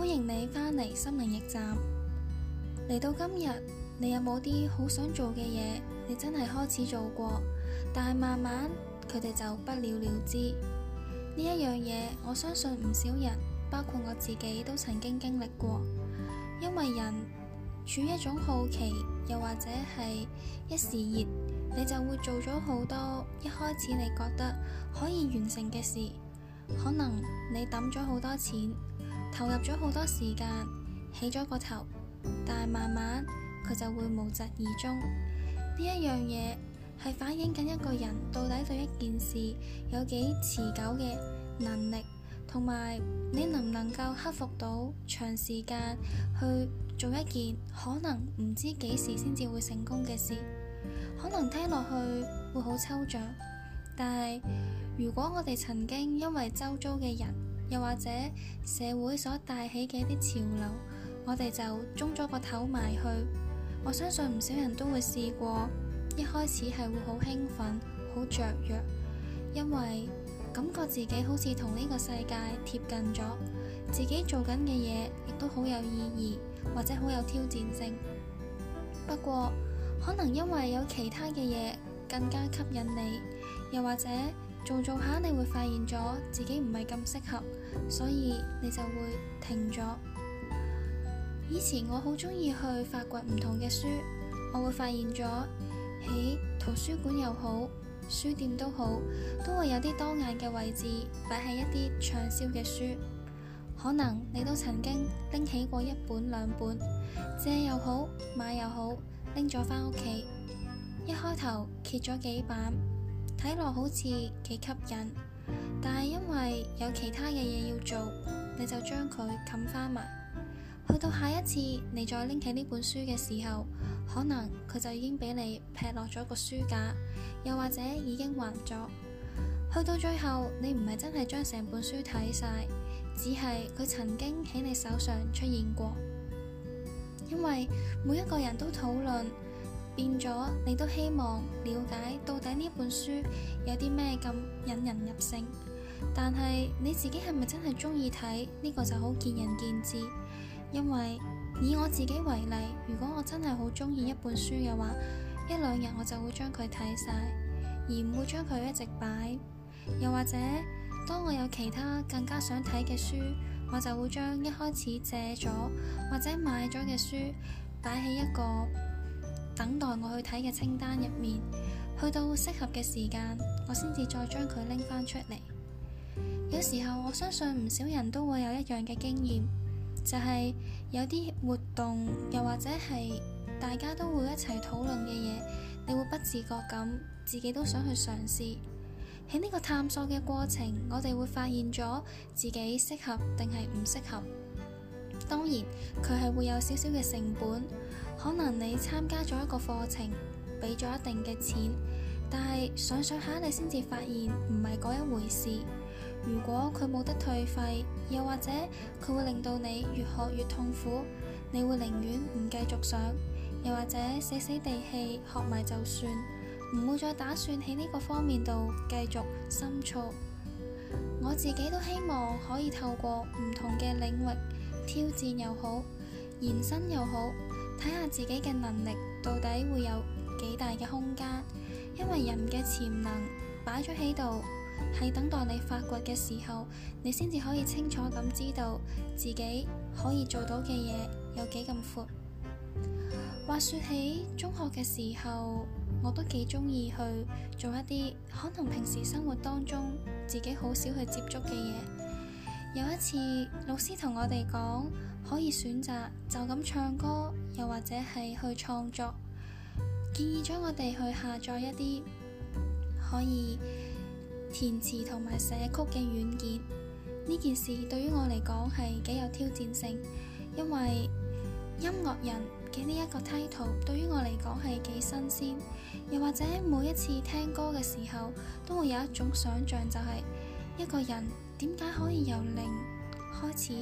歡迎你返嚟心靈驛站。嚟到今日，你有冇啲好想做嘅嘢？你真係開始做過，但係慢慢，佢哋就不了了之。呢一樣嘢，我相信唔少人，包括我自己，都曾經經歷過。因為人處於一種好奇，又或者係一時熱，你就會做咗好多一開始你覺得可以完成嘅事，可能你抌咗好多錢。投入咗好多時間，起咗個頭，但係慢慢佢就會無疾而終。呢一樣嘢係反映緊一個人到底對一件事有幾持久嘅能力，同埋你能唔能夠克服到長時間去做一件可能唔知幾時先至會成功嘅事。可能聽落去會好抽象，但係如果我哋曾經因為周遭嘅人，又或者社會所帶起嘅一啲潮流，我哋就中咗個頭埋去。我相信唔少人都會試過，一開始係會好興奮、好雀躍，因為感覺自己好似同呢個世界貼近咗，自己做緊嘅嘢亦都好有意義，或者好有挑戰性。不過可能因為有其他嘅嘢更加吸引你，又或者做做下你會發現咗自己唔係咁適合。所以你就會停咗。以前我好鍾意去發掘唔同嘅書，我會發現咗喺圖書館又好，書店都好，都會有啲當眼嘅位置擺喺一啲暢銷嘅書。可能你都曾經拎起過一本兩本，借又好，買又好，拎咗返屋企。一開頭揭咗幾版，睇落好似幾吸引。但係因為有其他嘅嘢要做，你就將佢冚翻埋。去到下一次你再拎起呢本書嘅時候，可能佢就已經俾你劈落咗個書架，又或者已經還咗。去到最後，你唔係真係將成本書睇晒，只係佢曾經喺你手上出現過。因為每一個人都討論。變咗，你都希望了解到底呢本書有啲咩咁引人入勝？但係你自己係咪真係中意睇呢個就好見仁見智。因為以我自己為例，如果我真係好中意一本書嘅話，一兩日我就會將佢睇晒，而唔會將佢一直擺。又或者當我有其他更加想睇嘅書，我就會將一開始借咗或者買咗嘅書擺喺一個。等待我去睇嘅清單入面，去到適合嘅時間，我先至再將佢拎翻出嚟。有時候我相信唔少人都會有一樣嘅經驗，就係有啲活動，又或者係大家都會一齊討論嘅嘢，你會不自覺咁自己都想去嘗試。喺呢個探索嘅過程，我哋會發現咗自己適合定係唔適合。當然，佢係會有少少嘅成本。可能你參加咗一個課程，俾咗一定嘅錢，但係想想下，你先至發現唔係嗰一回事。如果佢冇得退費，又或者佢會令到你越學越痛苦，你會寧願唔繼續上，又或者死死地氣學埋就算，唔會再打算喺呢個方面度繼續深造。我自己都希望可以透過唔同嘅領域，挑戰又好，延伸又好。睇下自己嘅能力到底會有幾大嘅空間，因為人嘅潛能擺咗喺度，係等待你發掘嘅時候，你先至可以清楚咁知道自己可以做到嘅嘢有幾咁闊。話說起中學嘅時候，我都幾中意去做一啲可能平時生活當中自己好少去接觸嘅嘢。有一次，老師同我哋講可以選擇就咁唱歌，又或者係去創作，建議咗我哋去下載一啲可以填詞同埋寫曲嘅軟件。呢件事對於我嚟講係幾有挑戰性，因為音樂人嘅呢一個 title 對於我嚟講係幾新鮮。又或者每一次聽歌嘅時候，都會有一種想像，就係一個人。點解可以由零開始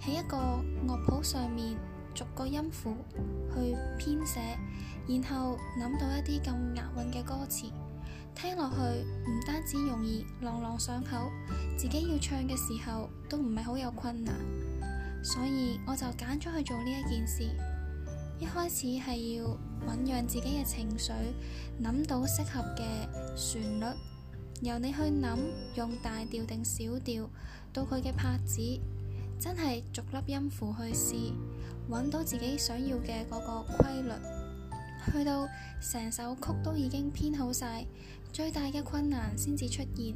喺一個樂譜上面逐個音符去編寫，然後諗到一啲咁押韻嘅歌詞，聽落去唔單止容易朗朗上口，自己要唱嘅時候都唔係好有困難，所以我就揀咗去做呢一件事。一開始係要醞釀自己嘅情緒，諗到適合嘅旋律。由你去諗，用大調定小調，到佢嘅拍子，真係逐粒音符去試，揾到自己想要嘅嗰個規律。去到成首曲都已經編好晒，最大嘅困難先至出現，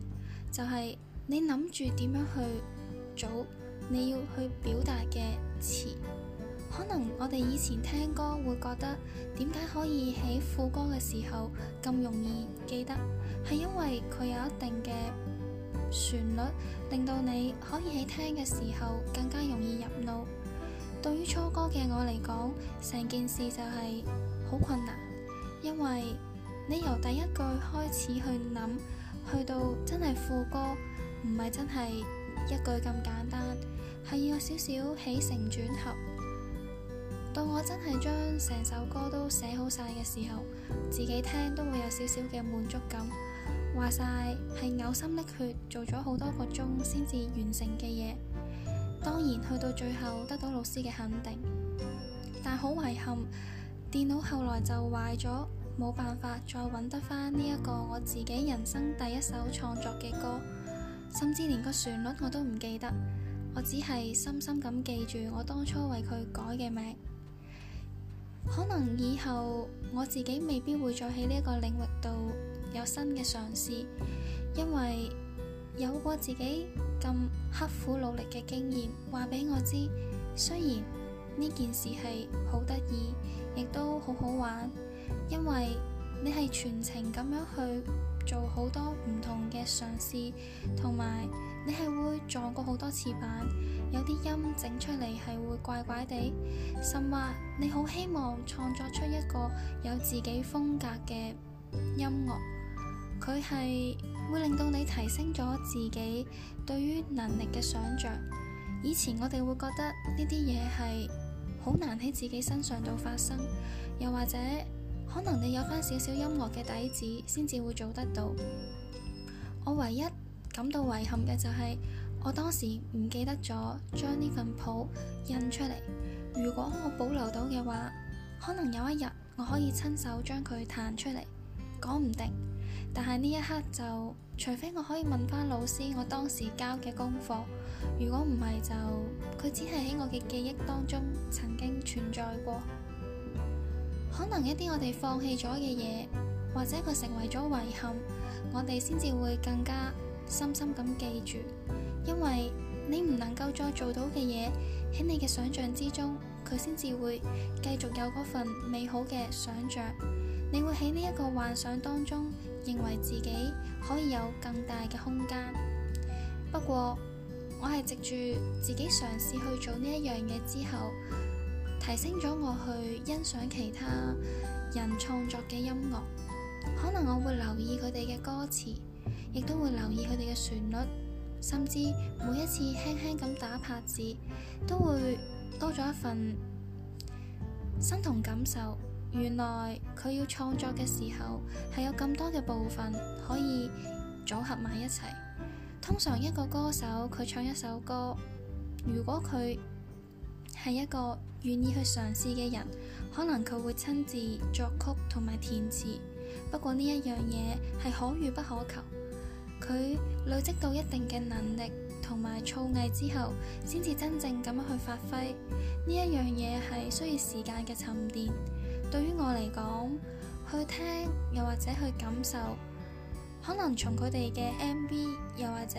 就係你諗住點樣去組，你要去表達嘅詞。可能我哋以前聽歌會覺得點解可以喺副歌嘅時候咁容易記得？係因為佢有一定嘅旋律，令到你可以喺聽嘅時候更加容易入腦。對於初歌嘅我嚟講，成件事就係好困難，因為你由第一句開始去諗，去到真係副歌，唔係真係一句咁簡單，係要有少少起承轉合。到我真係將成首歌都寫好晒嘅時候，自己聽都會有少少嘅滿足感。話晒係嘔心瀝血做咗好多個鐘先至完成嘅嘢，當然去到最後得到老師嘅肯定。但好遺憾，電腦後來就壞咗，冇辦法再揾得翻呢一個我自己人生第一首創作嘅歌，甚至連個旋律我都唔記得。我只係深深咁記住我當初為佢改嘅名。可能以後我自己未必會再喺呢個領域度有新嘅嘗試，因為有過自己咁刻苦努力嘅經驗，話俾我知。雖然呢件事係好得意，亦都好好玩，因為你係全程咁樣去做好多唔同嘅嘗試，同埋你係會撞過好多次板。有啲音整出嚟，係會怪怪地，甚至你好希望創作出一個有自己風格嘅音樂，佢係會令到你提升咗自己對於能力嘅想象。以前我哋會覺得呢啲嘢係好難喺自己身上度發生，又或者可能你有翻少少音樂嘅底子先至會做得到。我唯一感到遺憾嘅就係，是。我當時唔記得咗將呢份譜印出嚟。如果我保留到嘅話，可能有一日我可以親手將佢彈出嚟，講唔定。但係呢一刻就，除非我可以問翻老師，我當時交嘅功課。如果唔係就，佢只係喺我嘅記憶當中曾經存在過。可能一啲我哋放棄咗嘅嘢，或者佢成為咗遺憾，我哋先至會更加深深咁記住。因為你唔能夠再做到嘅嘢，喺你嘅想象之中，佢先至會繼續有嗰份美好嘅想象。你會喺呢一個幻想當中認為自己可以有更大嘅空間。不過，我係藉住自己嘗試去做呢一樣嘢之後，提升咗我去欣賞其他人創作嘅音樂。可能我會留意佢哋嘅歌詞，亦都會留意佢哋嘅旋律。甚至每一次輕輕咁打拍子，都會多咗一份身同感受。原來佢要創作嘅時候，係有咁多嘅部分可以組合埋一齊。通常一個歌手佢唱一首歌，如果佢係一個願意去嘗試嘅人，可能佢會親自作曲同埋填詞。不過呢一樣嘢係可遇不可求。佢累積到一定嘅能力同埋造詣之後，先至真正咁樣去發揮呢一樣嘢，係需要時間嘅沉澱。對於我嚟講，去聽又或者去感受，可能從佢哋嘅 MV 又或者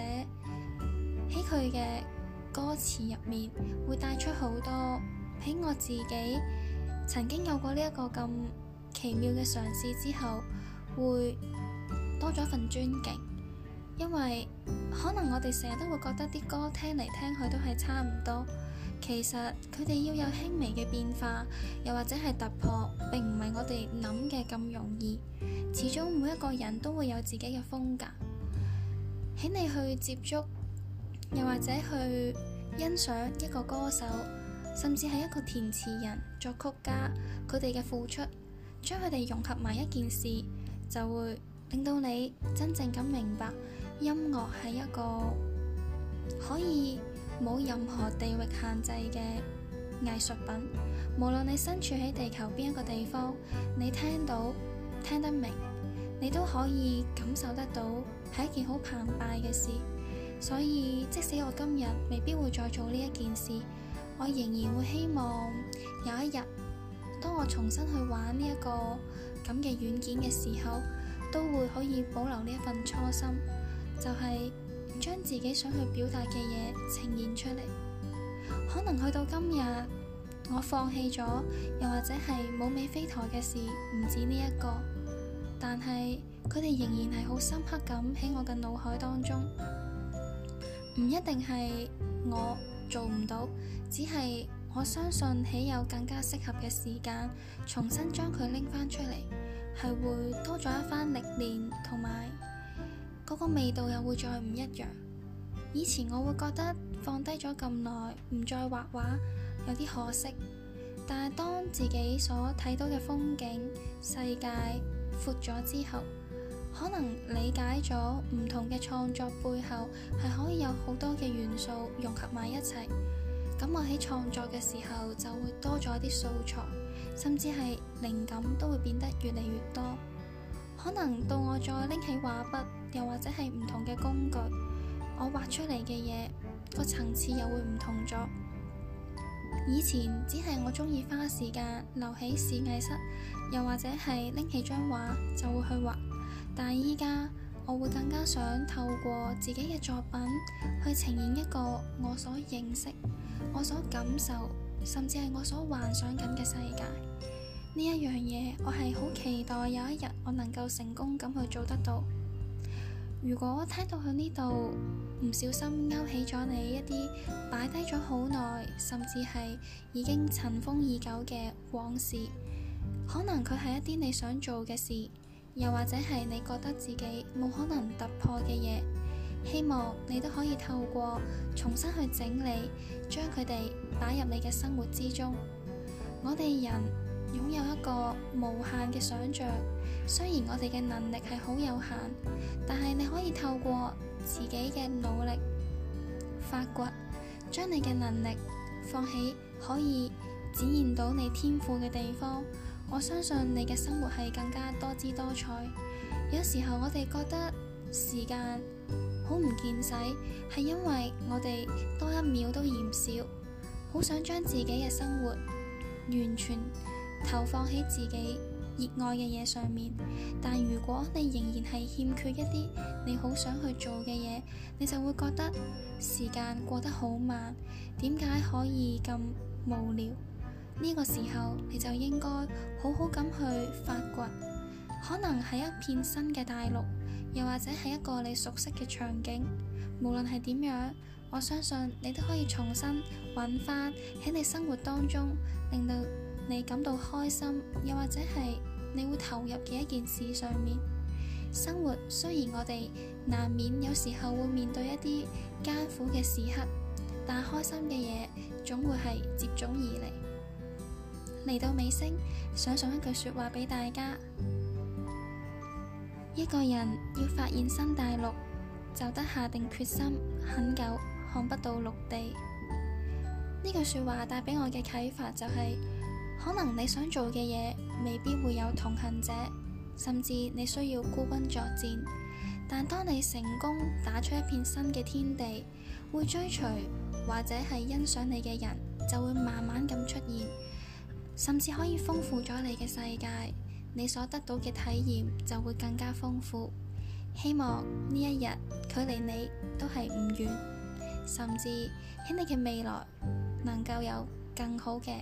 喺佢嘅歌詞入面，會帶出好多喺我自己曾經有過呢一個咁奇妙嘅嘗試之後，會多咗份尊敬。因為可能我哋成日都會覺得啲歌聽嚟聽去都係差唔多，其實佢哋要有輕微嘅變化，又或者係突破，並唔係我哋諗嘅咁容易。始終每一個人都會有自己嘅風格。喺你去接觸，又或者去欣賞一個歌手，甚至係一個填詞人、作曲家，佢哋嘅付出，將佢哋融合埋一件事，就會令到你真正咁明白。音樂係一個可以冇任何地域限制嘅藝術品。無論你身處喺地球邊一個地方，你聽到聽得明，你都可以感受得到係一件好澎湃嘅事。所以即使我今日未必會再做呢一件事，我仍然會希望有一日，當我重新去玩呢一個咁嘅軟件嘅時候，都會可以保留呢一份初心。就係將自己想去表達嘅嘢呈現出嚟。可能去到今日，我放棄咗，又或者係冇尾飛陀嘅事，唔止呢一個，但係佢哋仍然係好深刻咁喺我嘅腦海當中。唔一定係我做唔到，只係我相信，喺有更加適合嘅時間，重新將佢拎翻出嚟，係會多咗一番歷練同埋。嗰個味道又會再唔一樣。以前我會覺得放低咗咁耐，唔再畫畫，有啲可惜。但係當自己所睇到嘅風景，世界闊咗之後，可能理解咗唔同嘅創作背後，係可以有好多嘅元素融合埋一齊。咁我喺創作嘅時候，就會多咗啲素材，甚至係靈感都會變得越嚟越多。可能到我再拎起畫筆。又或者係唔同嘅工具，我畫出嚟嘅嘢，個層次又會唔同咗。以前只係我中意花時間留喺試藝室，又或者係拎起張畫就會去畫。但依家我會更加想透過自己嘅作品去呈現一個我所認識、我所感受，甚至係我所幻想緊嘅世界。呢一樣嘢我係好期待有一日我能夠成功咁去做得到。如果我聽到喺呢度唔小心勾起咗你一啲擺低咗好耐，甚至係已經塵封已久嘅往事，可能佢係一啲你想做嘅事，又或者係你覺得自己冇可能突破嘅嘢，希望你都可以透過重新去整理，將佢哋擺入你嘅生活之中。我哋人擁有一個無限嘅想象，雖然我哋嘅能力係好有限。但係你可以透過自己嘅努力發掘，將你嘅能力放喺可以展現到你天賦嘅地方。我相信你嘅生活係更加多姿多彩。有時候我哋覺得時間好唔見使，係因為我哋多一秒都嫌少，好想將自己嘅生活完全投放喺自己熱愛嘅嘢上面，但如果你仍然係欠缺一啲你好想去做嘅嘢，你就會覺得時間過得好慢，點解可以咁無聊？呢個時候你就應該好好咁去發掘，可能係一片新嘅大陸，又或者係一個你熟悉嘅場景。無論係點樣，我相信你都可以重新揾翻喺你生活當中令到。你感到開心，又或者係你會投入嘅一件事上面。生活雖然我哋難免有時候會面對一啲艱苦嘅時刻，但開心嘅嘢總會係接踵而嚟。嚟到尾聲，想送一句說話俾大家：一個人要發現新大陸，就得下定決心，很久看不到陸地。呢句說話帶俾我嘅啟發就係。可能你想做嘅嘢未必會有同行者，甚至你需要孤軍作戰。但當你成功打出一片新嘅天地，會追隨或者係欣賞你嘅人就會慢慢咁出現，甚至可以豐富咗你嘅世界。你所得到嘅體驗就會更加豐富。希望呢一日距離你都係唔遠，甚至喺你嘅未來能夠有更好嘅。